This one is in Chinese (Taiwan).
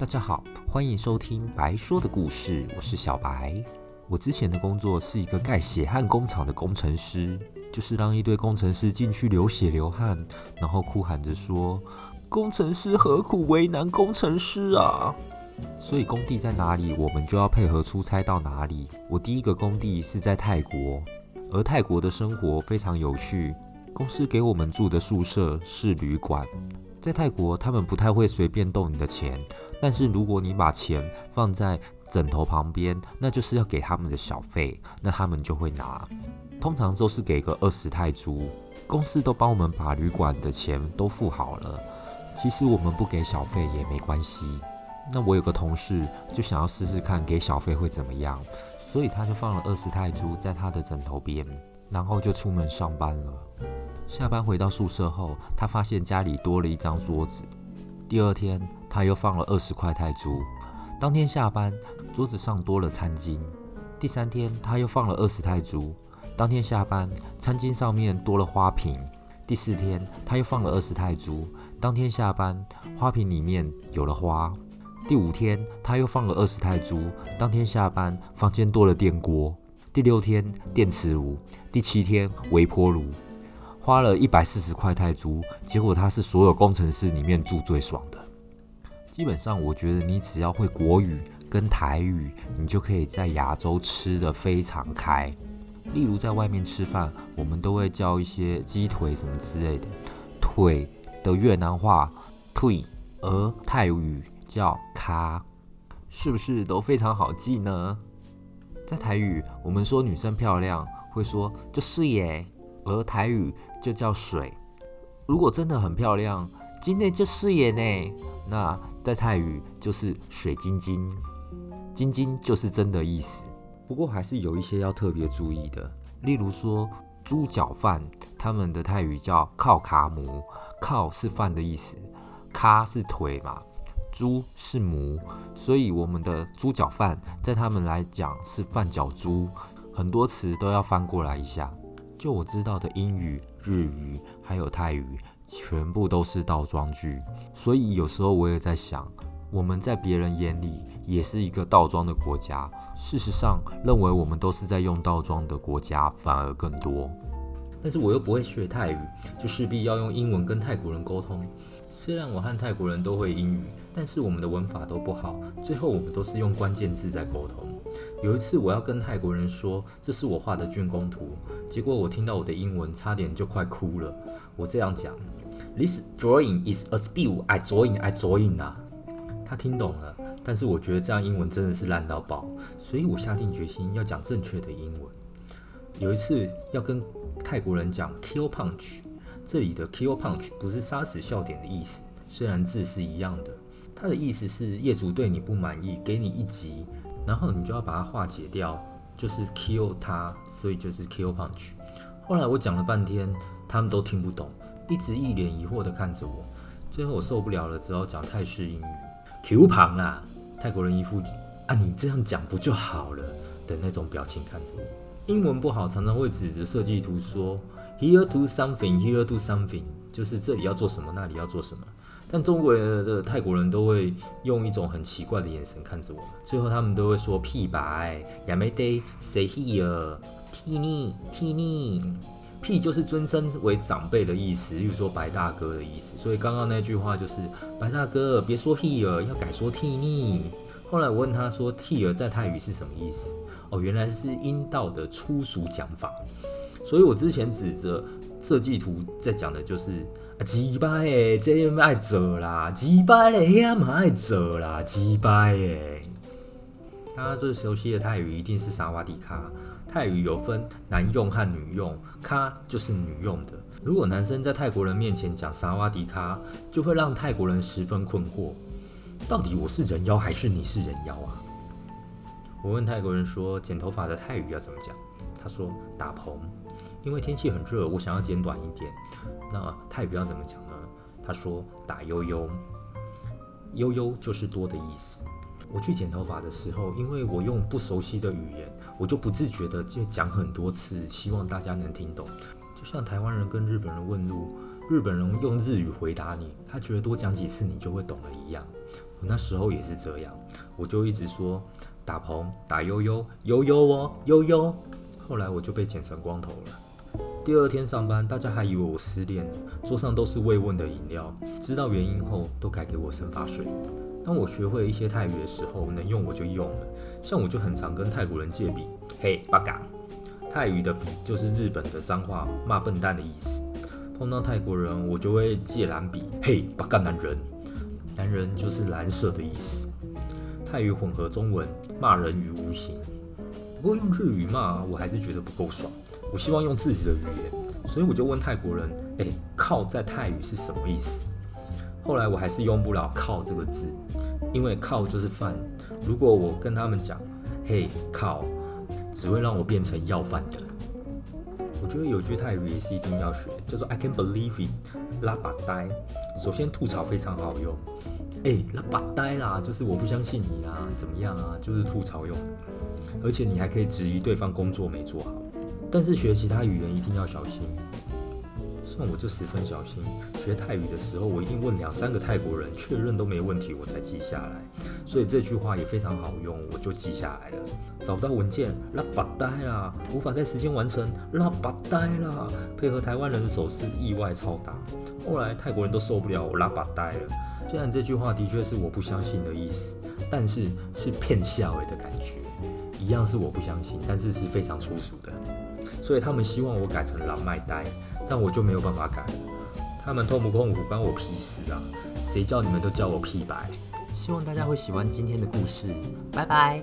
大家好，歡迎收聽白說的故事，我是小白。我之前的工作是一個蓋血汗工廠的工程師，就是讓一堆工程師進去流血流汗，然後哭喊着說：“工程師何苦為難工程師啊！”所以工地在哪裡，我們就要配合出差到哪裡。我第一個工地是在泰國，而泰國的生活非常有趣。公司給我們住的宿舍是旅館，在泰國他們不太會隨便動你的錢。但是如果你把錢放在枕頭旁邊，那就是要給他們的小費，那他們就會拿。通常都是給個二十泰銖，公司都幫我們把旅館的錢都付好了。其實我們不給小費也沒關係。那我有個同事就想要試試看給小費會怎麼樣，所以他就放了二十泰銖在他的枕頭邊，然後就出門上班了。下班回到宿舍後，他發現家裡多了一張桌子。第二天，他又放了二十塊泰銖，當天下班，桌子上多了餐巾。第三天他又放了二十泰銖，當天下班，餐巾上面多了花瓶。第四天他又放了二十泰銖，當天下班，花瓶裡面有了花。第五天他又放了二十泰銖，當天下班，房間多了電鍋。第六天電磁爐，第七天微波爐，花了一百四十塊泰銖，結果他是所有工程師裡面住最爽的。基本上，我覺得你只要會國語跟台語，你就可以在亞洲吃得非常開。例如在外面吃飯，我們都會叫一些雞腿什麼之類的，腿的越南話“腿”，而泰語叫“卡”，是不是都非常好記呢？在台語，我們說女生漂亮會說“這是耶”，而台語就叫“水”。如果真的很漂亮，今天就“是耶”呢。那在泰語就是水晶晶，晶晶就是真的意思。不過還是有一些要特別注意的，例如說豬腳飯，他們的泰語叫靠卡姆，靠是飯的意思，咖是腿嘛，豬是母，所以我們的豬腳飯在他們來講是飯腳豬，很多詞都要翻過來一下。就我知道的英語、日語還有泰語。全部都是倒裝句，所以有時候我也在想，我們在別人眼裡也是一個倒裝的國家。事實上，認為我們都是在用倒裝的國家反而更多。但是我又不會學泰語，就勢必要用英文跟泰國人溝通。雖然我和泰國人都會英語，但是我們的文法都不好，最後我們都是用關鍵字在溝通。有一次我要跟泰國人說這是我畫的竣工圖，結果我聽到我的英文差點就快哭了。我這樣講：This drawing is a spill, I drawing. I drawing. 啊，他聽懂了，但是我覺得這樣英文真的是爛到爆，所以我下定決心要講正確的英文。有一次要跟泰國人講 kill punch。這裡的 kill punch 不是殺死笑點的意思，雖然字是一樣的，它的意思是業主對你不滿意，給你一擊，然後你就要把它化解掉，就是 kill 它，所以就是 kill punch。後來我講了半天，他們都聽不懂，一直一臉疑惑的看着我。最後我受不了了，只好講泰式英語，q 旁 l 啦！泰國人一副啊你這樣講不就好了的那種表情看着我。英文不好，常常會指着設計圖說。Here to something, here to something，就是這裡要做什麼，那裡要做什麼。但中國的泰國人都會用一種很奇怪的眼神看着我們，最後他們都會說“屁白 ”，“yamade say here”，“ 替尼替尼”。“屁”就是尊稱為長輩的意思，比如說白大哥的意思。所以剛剛那句話就是“白大哥，別說 here，要改說替尼”。後來我問他說，“替爾”在泰語是什麼意思？哦，原來是陰道的粗俗講法。所以我之前指着設計圖在講的就是，雞巴耶，這樣愛走啦，雞巴耶，那樣愛走啦，雞巴耶，大家最熟悉的泰語一定是沙瓦迪卡。泰語有分男用和女用，卡就是女用的。如果男生在泰國人面前講沙瓦迪卡，就會讓泰國人十分困惑，到底我是人妖還是你是人妖啊？我問泰國人說，剪頭髮的泰語要怎麼講？他說打蓬。因為天氣很熱，我想要剪短一點。那泰語要怎麼講呢？他說打悠悠，悠悠就是多的意思。我去剪頭髮的時候，因為我用不熟悉的語言，我就不自覺的就講很多次，希望大家能聽懂。就像台灣人跟日本人問路，日本人用日語回答你，他覺得多講幾次你就會懂了一樣。我那時候也是這樣，我就一直說打棚、打悠悠，悠悠哦，悠悠。後來我就被剪成光頭了。第二天上班，大家還以為我失戀，桌上都是慰問的飲料。知道原因後，都改給我生髮水。當我學會一些泰語的時候，能用我就用了。像我就很常跟泰國人借筆，嘿，八嘎！泰語的筆就是日本的髒話，罵笨蛋的意思。碰到泰國人，我就會借藍筆，嘿，八嘎男人。男人就是藍色的意思。泰語混合中文，罵人於無形。不過用日語罵，我還是覺得不夠爽。我希望用自己的語言，所以我就問泰國人：“哎，靠在泰語是什麼意思？”後來我還是用不了“靠”這個字，因為“靠”就是飯。如果我跟他們講“嘿，靠”，只會讓我變成要飯的。我覺得有句泰語也是一定要學，叫做 “I can't believe it”，拉巴呆。首先吐槽非常好用，哎，拉巴呆啦，就是我不相信你啊，怎麼樣啊，就是吐槽用。而且你還可以質疑對方工作沒做好。但是學其他語言一定要小心，像我就十分小心。學泰語的時候，我一定問兩三個泰國人確認都沒問題，我才記下來。所以這句話也非常好用，我就記下來了。找不到文件，拉巴呆啦！無法在時間完成，拉巴呆啦！配合台灣人的手勢，意外超搭。後來泰國人都受不了我拉巴呆了。雖然這句話的確是我不相信的意思，但是是騙下位的感覺，一樣是我不相信，但是是非常粗俗的。所以他們希望我改成狼麥呆，但我就沒有辦法改。他們痛不痛苦關我屁事啊？誰叫你們都叫我屁白？希望大家會喜歡今天的故事，拜拜。